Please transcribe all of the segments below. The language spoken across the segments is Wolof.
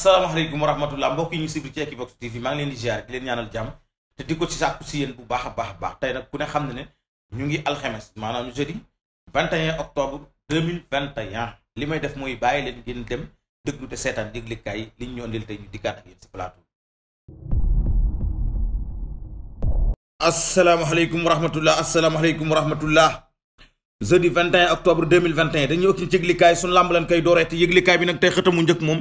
asalaamaaleykum wa rahmatullah mbokk yi ñu sibri ci Equivox TV maa ngi leen di ziar di leen ñaanal jàmm te di ko ci sàkku si yéen bu baax a baax a baax tey nag ku ne xam ne ne ñu ngi alxemes maanaam jeudi 21 octobre 2021 li may def mooy bàyyi leen ngeen dem déglu te seetaan yëglekaay liñ ñu andil te ñu dikkaat ak yéen si plateau asalaamaaleykum wa rahmatullah asalaamaaleykum wa rahmatullah jeudi 21 octobre 2021 dañuy ëkk ci yëglikaay suñu làmb leen koy dooreete yëglikaay bi nag tey xëtamu njëkk moom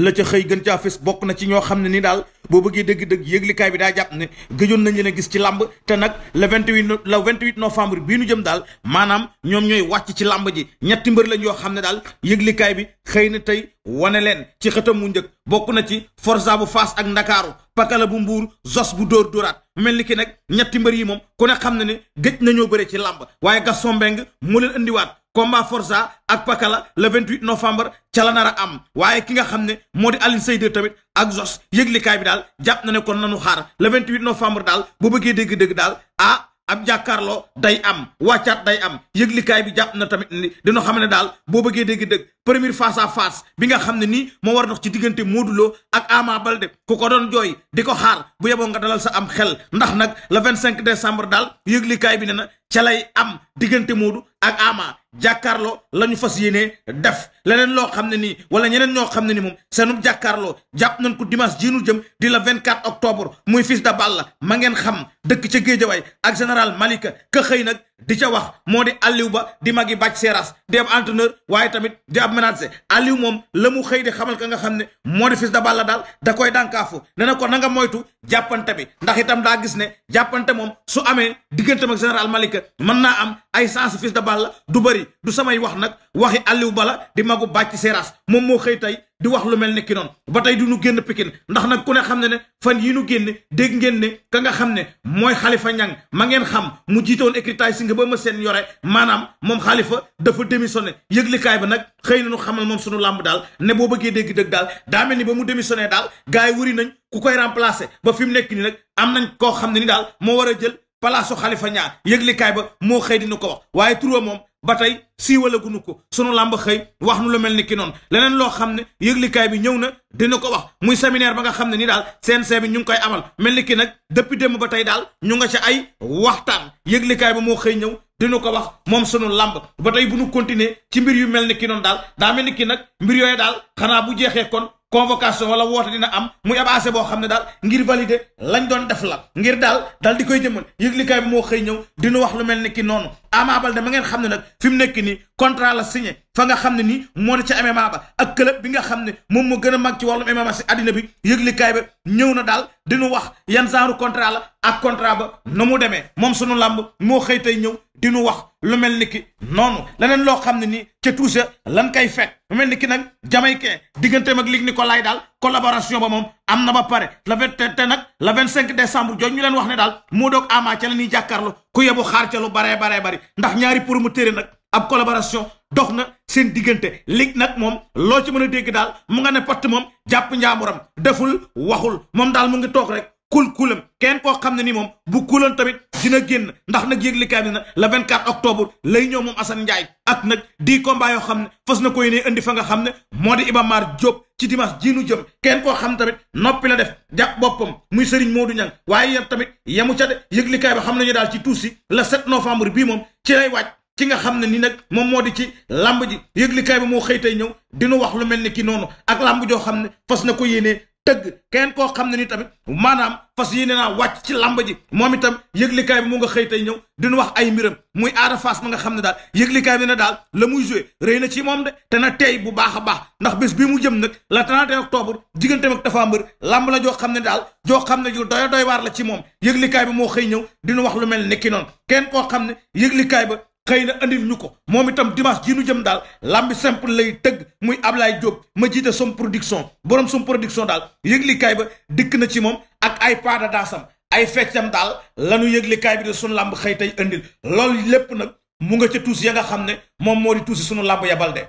la ca xëy gën caa fës bokk na ci ñoo xam ne ni daal boo bëggee dëgg-dëgg yëglikaay bi daa jàpp ne gëjoon nañ leen gis ci làmb te nag le 28 le 28 novembre bii nu jëm daal maanaam ñoom ñooy wàcc ci làmb ji ñetti mbër lañ yoo xam ne daal yëglikaay bi xëy na tey wane leen ci xëtam mu njëkk bokk na ci forza bu faas ak ndakaaru pakala bu mbuur zos bu dóor dóoraat mel ni ki nag ñetti mbër yi moom ko ne xam na ne gëj nañoo bëre ci làmb waaye Gaston Mbengue mu leen indiwaat combat forza ak pakala le 28 novembre ca la nara am waaye ki nga xam ne moo di Alioune Seye tamit ak zos yëglikaay bi daal jàpp na ne kon nanu xaar le huit novembre daal bu bëggee dégg-dégg daal ah ab jàkkaarloo day am wàccaat day am yëglikaay bi jàpp na tamit ni dina xam ne daal boo bëggee dégg-dëgg première face à face bi nga xam ne nii moo war dox ci diggante Modou Lo ak Ama Baldé ku ko doon jooy di ko xaar bu yeboo nga dalal sa am xel ndax nag la vingt cinq décembre daal yëglikaay bi ne na ca lay am diggante Modou ak Ama jàkkaarloo la ñu fas yéenee def leneen loo xam ne ni wala ñeneen ñoo xam ne ni moom seenub jàkkaarloo jàpp nañ ko dimance jiinu jëm di la 24 octobre muy fils de Balla ma ngeen xam dëkk géej Géejawaay ak général Malika ka xëy nag di ca wax moo di Aliou Ba di magi bàcc seeraas di ab entraîneur waaye tamit di ab ménager Aliou moom la mu xëy di xamal ka nga xam ne moo di Fils de Balla daal da koy dànkaafu ne na ko nanga moytu jàppante bi ndax itam daa gis ne jàppante moom su amee digganteem ak général Malika mën naa am ay sens Fils de Balla du bëri du samay wax nag waxi Aliou Ba la di magu bàcc seeraas moom moo xëy tey di wax lu mel ne ki noonu ba tey du ñu génn Pikine ndax nag ku ne xam ne ne fan yi nu génne dégg ngeen ne ka nga xam ne mooy xalifa ñang ma ngeen xam mu jiitoon écritage si nga ba ma seen yore maanaam moom xalifa dafa démissionné yëglikaay ba nag xëy na nu xamal moom sunu làmb daal ne boo bëggee dégg dëgg daal daa mel ni ba mu démissionné daal gars yi wëri nañ ku koy remplacer ba fi mu nekk nii nag am nañ koo xam ne ni daal moo war a jël palaasu xalifa ñaar yëglikaay ba moo xëy dina ko wax waaye turam moom ba tey siiwalagunu ko sunu làmb xëy wax nu lu mel ni ki noonu leneen loo xam ne yëglikaay bi ñëw na dina ko wax muy séminaire ba nga xam ne ni daal CNG bi ñu ngi koy amal mel ni ki nag depuis démb ba tey daal ñu nga ca ay waxtaan yëglikaay ba moo xëy ñëw dina ko wax moom sunu làmb ba tey bu nu continuer ci mbir yu mel ni ki noonu daal daa mel ni ki nag mbir yooyu daal xanaa bu jeexee kon convocation wala woote dina am mu muy abaase boo xam ne daal ngir valider lañ doon def la ngir daal dal di koy jëmal yëglikaay bi moo xëy ñëw dina wax lu mel ni ki noonu Ama Baldé ma ngeen xam ne nag fi mu nekk nii contrat la signé fa nga xam ne ni moo ne ca MMA ba ak club bi nga xam ne moom moo gën a mag ci wàllum MMA si àddina bi yëglikaay ba ñëw na daal dinu wax yan genre contrat la ak contrat ba na mu demee moom sunu làmb moo xëy tey ñëw dinu wax lu mel ni ki noonu leneen loo xam ne nii ca tuuse lan kay fekk lu mel ni ki nag jamaïcain digganteem ak Luc Nicolaï daal collaboration ba moom am na ba pare la vingt te nag le vingt cinq décembre jooju ñu leen wax ne daal moo doog ama ca la ñuy jàkkaarloo ku yebu xaar ca lu baree baree bari ndax ñaari promoteur nag ab collaboration dox na seen diggante Luc nag moom loo ci mën a dégg daal mu nga ne patt moom jàpp njaamuram deful waxul moom daal mu ngi toog rek kulkulam kenn koo xam ne ni moom bu kulan tamit dina génn ndax nag yëglikaay bi na le 24 octobre lay ñëw moom Assane Ndiaye ak nag di combat yoo xam ne fas na ko yéene indi fa nga xam ne moo di Iba Mar ci dimanche ji nu jëm kenn koo xam tamit noppi la def jàpp boppam muy Serigne Modou Niang waaye yéen tamit yemu ca de yëglikaay bi xam nañu daal ci tuusi le 7 novembre bi moom ci lay waaj ci nga xam ne ni nag moom moo di ci làmb ji yëglikaay bi moo xëy tey ñëw dinu wax lu mel ne ki noonu ak làmb joo xam ne fas na ko yéenee tëgg kenn koo xam ne ni tamit maanaam fas yéene naa wàcc ci làmb ji moom itam yëglikaay bi mu nga xëy tey ñëw dinu wax ay mbiram muy aada fas ma nga xam ne daal yëglikaay bi ne daal la mu joué rëy na ci moom de te na tey bu baax a baax ndax bés bi mu jëm nag la 31 octobre diggante ak dafa Mbeur làmb la joo xam ne daal joo xam ne ju doy doy waar la ci moom yëglikaay bi moo xëy ñëw dina wax lu mel nekki noonu kenn koo xam ne yëglikaay ba xëy na andil ñu ko moom itam dimanche ji nu jëm daal lambi simple lay tëgg muy ablaay Diop ma jiite som production borom som production daal yëglikaay ba dikk na ci moom ak ay paada daasam ay feccam daal lanu yëglikaay bi de sunu làmb xëy tey andil lool lépp nag mu nga ca tuus ya nga xam ne moom moo di tuusi sunu lamb yabal de.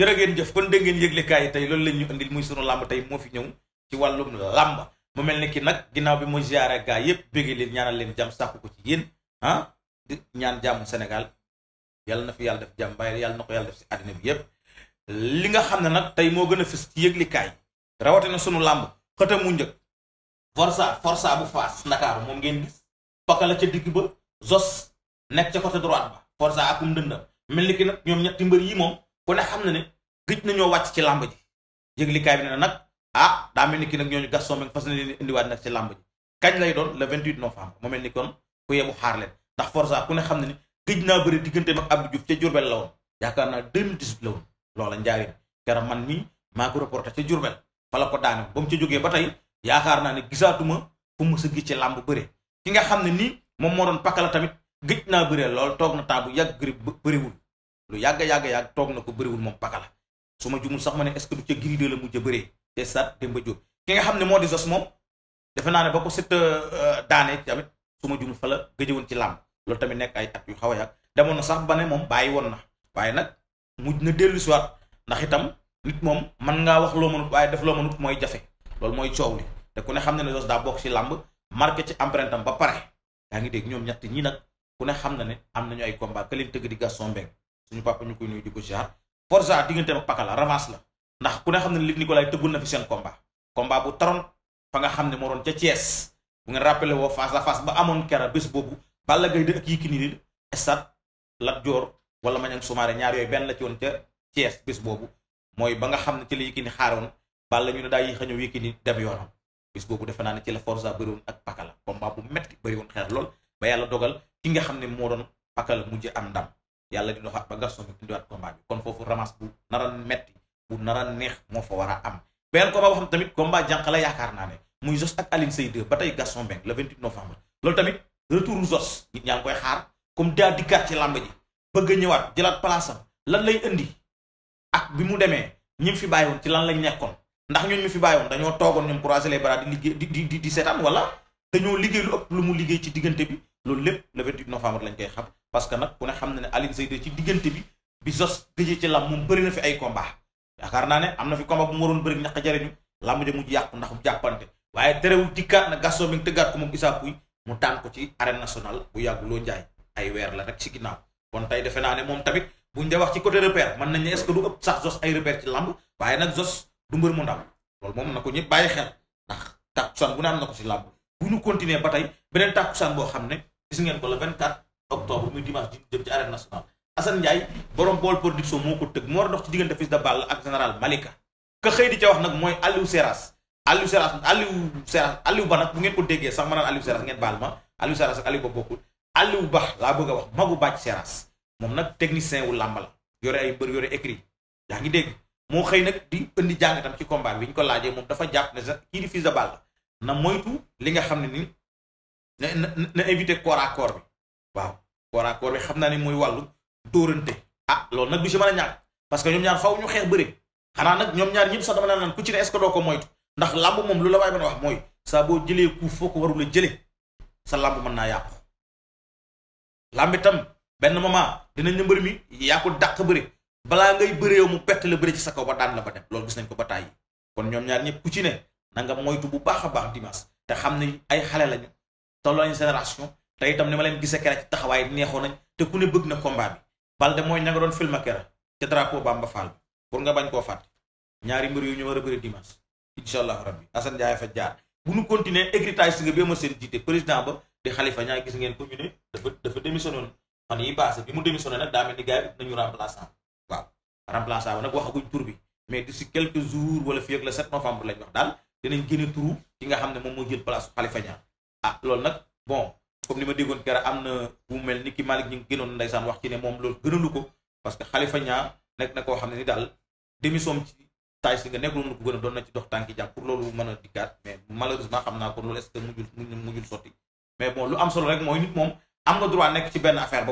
jërë ngeen yi tey loolu lañ ñu andil muy sunu lamb tey moo fi ñëw ci wàllum làmb mu mel ni ki nag ginnaaw bi mu ziare gaa yépp bëgg leen ñaanal leen jàmm sàkku ko ci yéen ah ñaan jàmm Sénégal yàlla na fi yàlla def jàmm bàyyi yàlla na ko yàlla def si àddina bi yépp li nga xam ne nag tey moo gën a ci yëglikaay rawatina sunu làmb xëta mu njëkk forsa forsa bu faas ndakaaru moom ngeen gis paka la ca digg ba zos nekk ca côté droite ba forsa akum dëndam mel ki nag ñoom ñetti mbër yi moom ku ne xam na ne gëj nañoo wàcc ci làmb ji yëglikaay bi ne nag ah daa mel ni ki nag ñooñu Gaston Mbengue fas na leen indiwaat nag ci làmb ji kañ lay doon le 28 novembre mu mel ni kon ku yebu xaar leen ndax Forza ku ne xam ne ni gëj naa bëri diggante ak Abdou jub ca Diourbel la woon yaakaar naa 2018 la woon loola njaarim keroog man mii maa ko reporté ca Diourbel fa la ko daane ba mu ci jógee ba tey yaakaar naa ne gisaatuma fu mu sa gi ci làmb bëre ki nga xam ne nii moom moo doon pakala tamit gëj naa bëree lool toog na temps bu yàgg gri bëriwul lu yàgg-yàgg-yàgg toog na ko bëriwul moom pakala su ma jumul sax ma ne est-ce que la mujj a bëree stade Demba Diop ki nga xam ne moo di Zoss moom defe naa ne ba ko set euh, daane tamit suma ma jum fa la gëjëwoon ci làmb loolu tamit nekk ay at yu xaw a yàgg demoon na sax ba ne moom bàyyi woon na waaye nag mujj na dellu si waat ndax itam nit moom mën ngaa wax loo mënut waaye def loo mënut mooy jafe loolu mooy coow li te ku ne xam na ne Zoss daa bokk ci làmb marqué ci empreinte am ba pare yaa ngi dégg ñoom ñett ñi nag ku ne xam na ne am nañu ay combat ka leen tëgg suñu papa ñu koy nuyu di ko ziar Forza digganteem ak la ndax ku ne xam ne Luc Nicolaï tëggul na fi seen combat combat bu taroon fa nga xam ne moo doon ca Thiès bu ngeen rappelé woo face à face ba amoon kera bés boobu Balla Gaye de ak Yékini nii stade Lat Dior wala Maniang Soumaré ñaar yooyu benn la ci woon ca Thiès bés boobu mooy ba nga xam ne ci la Yékini xaaroon Balla ñu ne daa yéex a ñëw Yékini dem yoonam bés boobu defee naa ne ci la Forza bëri woon ak Pakala combat bu metti bëri woon xeer lool ba yàlla dogal ki nga xam ne moo doon Pakala mujj am ndam yàlla di doxaat ba Gaston bi indiwaat combat bi kon foofu ramas bu naran metti bu nara a neex moo fa war am beneen combat boo xam tamit combat jànq yaakaar naa ne muy Zoss ak Alioune Seye 2 ba tey Gaston Mbengue le 28 novembre loolu tamit retour Zoss nit ñaa koy xaar comme daa dikkaat ci làmb ji bëgg a ñëwaat jëlaat place am lan lay indi ak bi mu demee ñi fi bàyyi woon ci lan lañ nekkoon ndax ñun ñu fi bàyyi woon dañoo toogoon ñoom croiser les bras liggéey di di di seetaan wala dañoo liggéey lu ëpp lu mu liggéey ci diggante bi loolu lépp le 28 novembre lañ koy xam parce que nag ku xam na ne Alioune Seye ci diggante bi bi Zoss gëjee ci làmb moom bëri na fi ay combat yaakaar naa ne am na fi combat bu mu waroon bëri ñaq jariñu lamb ja mujj yàqu ndax jàppante waaye terewul dikkaat na Gaston mi ngi tëggaat ko moom Issa Pouye mu tànn ko ci arène nationale bu yàgguloo njaay ay weer la rek ci ginnaaw kon tey defe naa ne moom tamit buñ de wax ci côté repère mën nañ ne est-ce que du ëpp sax Zoss ay repère ci lamb waaye nag Zoss du mbër mu ndaw loolu moom na ko ñëpp bàyyi xel ndax tàkkusaan bu ne am na ko ci làmb bu ñu continuer ba tey beneen tàkkusaan boo xam ne gis ngeen ko le 24 octobre muy dimanche di jëm ci Assane Ndiaye borom bool production moo ko tëgg moo war dox ci diggante Fils de Balla ak général Malika ka xëy di ca wax nag mooy Aliou Seras Aliou Seras Aliou Seras Aliou Ba nag bu ngeen ko déggee sax ma naan Aliou Seras ngeen baal ma Aliou Seras ak Aliou Ba laa bëgg a wax magu bàcc Seras moom nag technicien wu làmb la yore ay mbër yore écrit yaa ngi dégg moo xëy nag di indi jàngatam ci combat bi ñu ko laajee moom dafa jàpp ne sax kii di Fils de Balla na moytu li nga xam ne ni na na éviter corps corps waaw corps à corps bi xam naa ne mooy wàllu tóorante ah loolu nag bi si man a ñàkk parce que ñoom ñaar faw ñu xeex bëri xanaa ñoom ñaar ñëpp sax dama naan ku ci ne est ko moytu ndax làmb moom lu la waay mën a wax mooy saa boo jëlee ku foo ko warul a jëlee sa làmb mën naa yàqu làmb itam benn moment dinañ la mbër mi yaa ko dàq bëri balaa ngay bëree yow mu pett la bëri ci sa kaw ba daan la ba dem loolu gis nañ ko ba tàyyi kon ñoom ñaar ñëpp ku ci ne nanga nga moytu bu baax a baax dimas te xam ne ay xale lañu tolloo nañ génération te itam ni ma leen gisee keroog taxawaay neexoon nañ te ku bëgg na combat Balde mooy ña nga doon film kera ca drapeau Bamba Fall pour nga bañ koo fàtte ñaari mbir yu ñu war a bëri dimanche incha allahu rabbi Assane fa jaar bu nu continuer écritage si nga bi ma seen jiite président ba di Khalifa ñaa gis ngeen ko ñu ne dafa dafa démissionné woon fan yi passé bi mu démissionné nag daa mel ni gars yi nañu remplaçant waaw remplaçant ba nag waxaguñ tur bi mais d'ici quelques jours wala fii ak le novembre lañ wax daal dinañ ki nga xam ne moom moo jël place Khalifa ah, loolu nag bon comme ni ma déggoon kera am na bu mel ni ki Malick ñu ngi ndeysaan wax ci ne moom loolu gënalu ko parce que Khalifa Niang nekk na koo xam ne ni daal démission ci taay si nga nekk loolu ko doon na ci dox tànki jàmm pour loolu mën a dikkaat mais malheureusement xam naa ko loolu est que mujjul mujjul sotti mais bon lu am solo rek am nga droit nekk ci benn affaire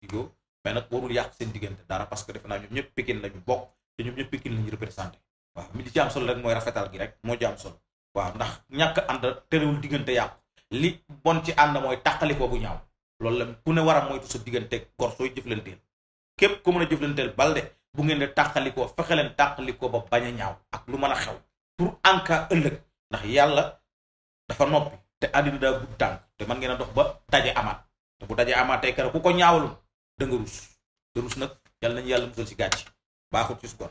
diggoo mais nag warul yàq seen diggante dara parce que defe ñoom ñëpp Pikine lañu bokk te ñoom ñëpp Pikine lañu représenté waaw mi li ci am solo rek mooy rafetal gi rek moo ci am solo ndax ñàkk ànd terewul diggante yàqu li bon ci ànd mooy tàqalikoo bu ñaaw loolu la ku ne war a moytu sa diggante gor sooy jëflanteel képp ko mën a jëflanteel bal de bu ngeen di tàqalikoo fexe leen tàqalikoo ba bañ a ñaaw ak lu mën a xew pour en ëllëg ndax yàlla dafa noppi te àddina daa gudd tànk te man ngeen a dox ba taje amaat te bu daje amaat tey kara ku ko ñaawalum da nga rus te rus nag yàlla nañu yàlla musal ci gàcc baaxut ci su gor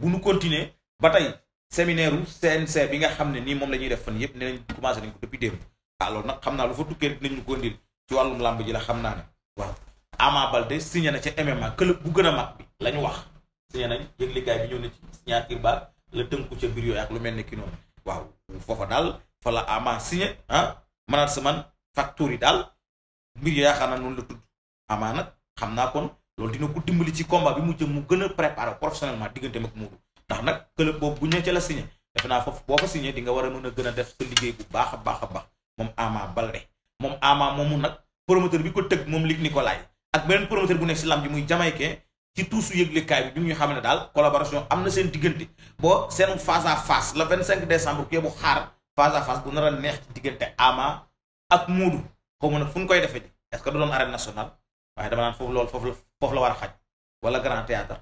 bu nu continuer ba tey séminaire u CNC bi nga xam ne nii moom la ñuy def ne nañ commencé nañ ko depuis ah loolu nag xam naa lu fa tukkee rek dinañu ko indil ci wàllum làmb ji la xam naa ne waaw Ama Baldé signé na ca MMA club bu gën a mag bi la ñu wax signé nañ yëglikaay bi ñoo na ci signature ba la tënku ca biir yooyu ak lu mel ne ki noonu waaw foofa daal fa la Ama signé ah manaat saman facture yi daal mbir yi yaakaar naa noonu la tudd Ama nag xam naa kon loolu dina ko dimbali ci combat bi mu jëm mu gën a préparé professionnellement diggante ak Modou ndax nag club boobu bu ñu ca la signé defe naa foofu boo fa di nga war a mën a gën a def sa liggéey bu baax a a baax Ama moomu nag promoteur bi ko tëgg moom Luc Nicolaï ak beneen promoteur bu nekk si lamb ji muy jamaïcain ci tuusu yëglekaay bi ñu ngi xam ne daal collaboration am na seen diggante boo seen face à face le 25 décembre kii bu xaar face à face bu nar a neex ci diggante Ama ak Moodu xaw nag fu koy defee est-ce que du doon arène nationale waaye dama naan foofu loolu foofu la foofu la war a xaj wala Grand Théâtre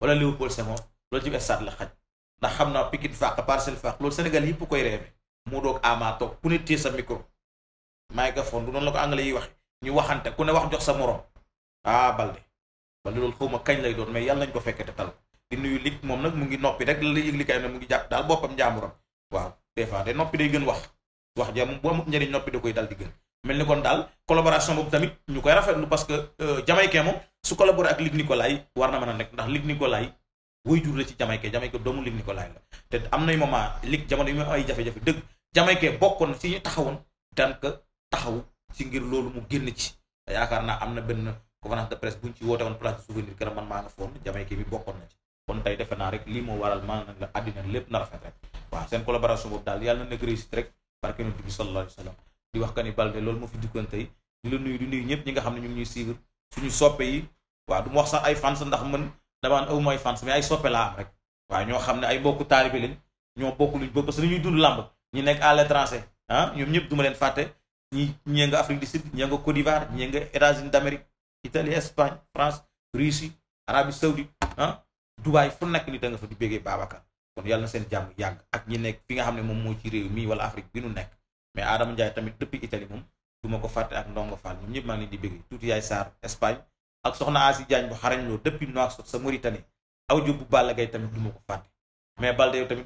wala Léopold Senghor loolu ci stade la xaj ndax xam naa Pikine fàq Parcelles fàq loolu Sénégal yëpp koy reeme Moodu ak Ama toog ku ne téye micro. microphone du noonu la ko anglais yi waxe ñu waxante ku ne wax jox sa morom ah balde balde loolu xaw ma kañ lay doon mais yàlla nañ ko fekkee te tal di nuyu lig moom nag mu ngi noppi rek la yëg li kay mu ngi jàpp daal boppam njaamuram waaw des fois de noppi day gën wax wax ja bu amut njëriñ noppi da koy dal di gën mel ni kon daal collaboration boobu tamit ñu koy rafetlu parce que euh, jamaykee moom su collaboré ak Luc Nicolaï war na mën a nekk ndax Luc Nicolaï woy jur la ci jamaykee jamaykee doomu Luc Nicolaï la te am nay moment Luc jamono yi mu ay jafe-jafe dëgg jamaykee bokkoon si ñu taxawoon daan taxaw ci ngir loolu mu génn ci yaakaar naa am na benn conférence de ci woote woon place de souvenir kër man maa nga foon jamayke lépp na rafet rek waaw seen collaboration boobu wax ka ni fi dikkoon tey nga xam ne ñu ngi ñuy suivre suñu soppe yi waaw ay ndax man damaa awuma ay fans mais soppe laa am rek waaw ñoo xam ne ay mbokku taalibe leen ñoo bokk luñ bokk parce que ñuy dund làmb ñi nekk à l'étranger ah, ñoom ñëpp du ma leen fàtte ñi ñee nga Afrique du Sud ñee nga Côte d'Ivoire ñee nga États-Unis d'Amérique Italie Espagne France Russie Arabie Saoudite ah Dubaï fu nekk ni da nga fa di béggee Babacar kon yàlla seen jàmm yàgg ak ñi nekk fi nga xam ne moom moo ci réew mii wala Afrique bi nu nekk mais Adama Ndiaye tamit depuis Italie moom du ma ko fàtte ak Ndongo Fall ñoom ñëpp maa ngi leen di béggee tuuti yaay Sarr Espagne ak soxna Asi Diagne bu xarañ loo depuis Nouakchott sa Mauritanie aw jóg bu Balla Gaye ko fàtte mais Balde yow bi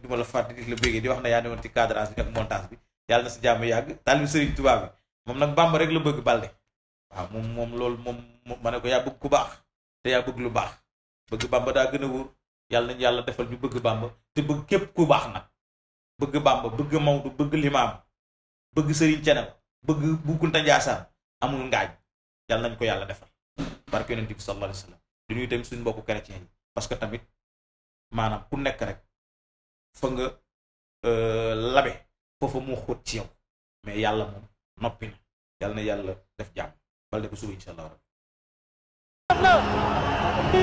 yàlla na si jàmm yàgg taalibi Serigne Touba moom nag Bàmba rek la bëgg Balde waaw moom moom loolu moom ma ne ko yaa bëgg ku baax te yaa bëgg lu baax bëgg Bàmba daa gën a wóor yàlla nañu yàlla defal ñu bëgg Bàmba te bëgg képp ku baax nag bëgg Bàmba bëgg Maodo bëgg limaam bëgg Serigne Thiénaba bëgg Boukounta Ndiassane amul ngaañ yàlla nañ ko yàlla defal barke yonent bi sallallahu alayhi wa sallam du ñuy tamit suñu mbokku chrétien yi parce que tamit maanaam ku nekk rek fa euh, foofa moo xóot ci yow mais yàlla moom noppi na yàlla na yàlla def jàmm bal de ba suba incha allah rabbi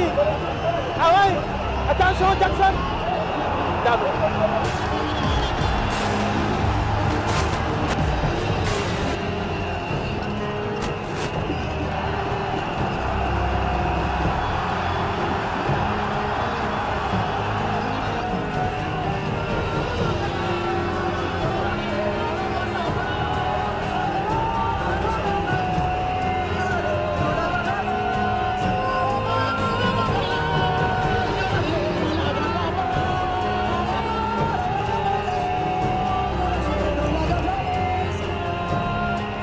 ah attention Jackson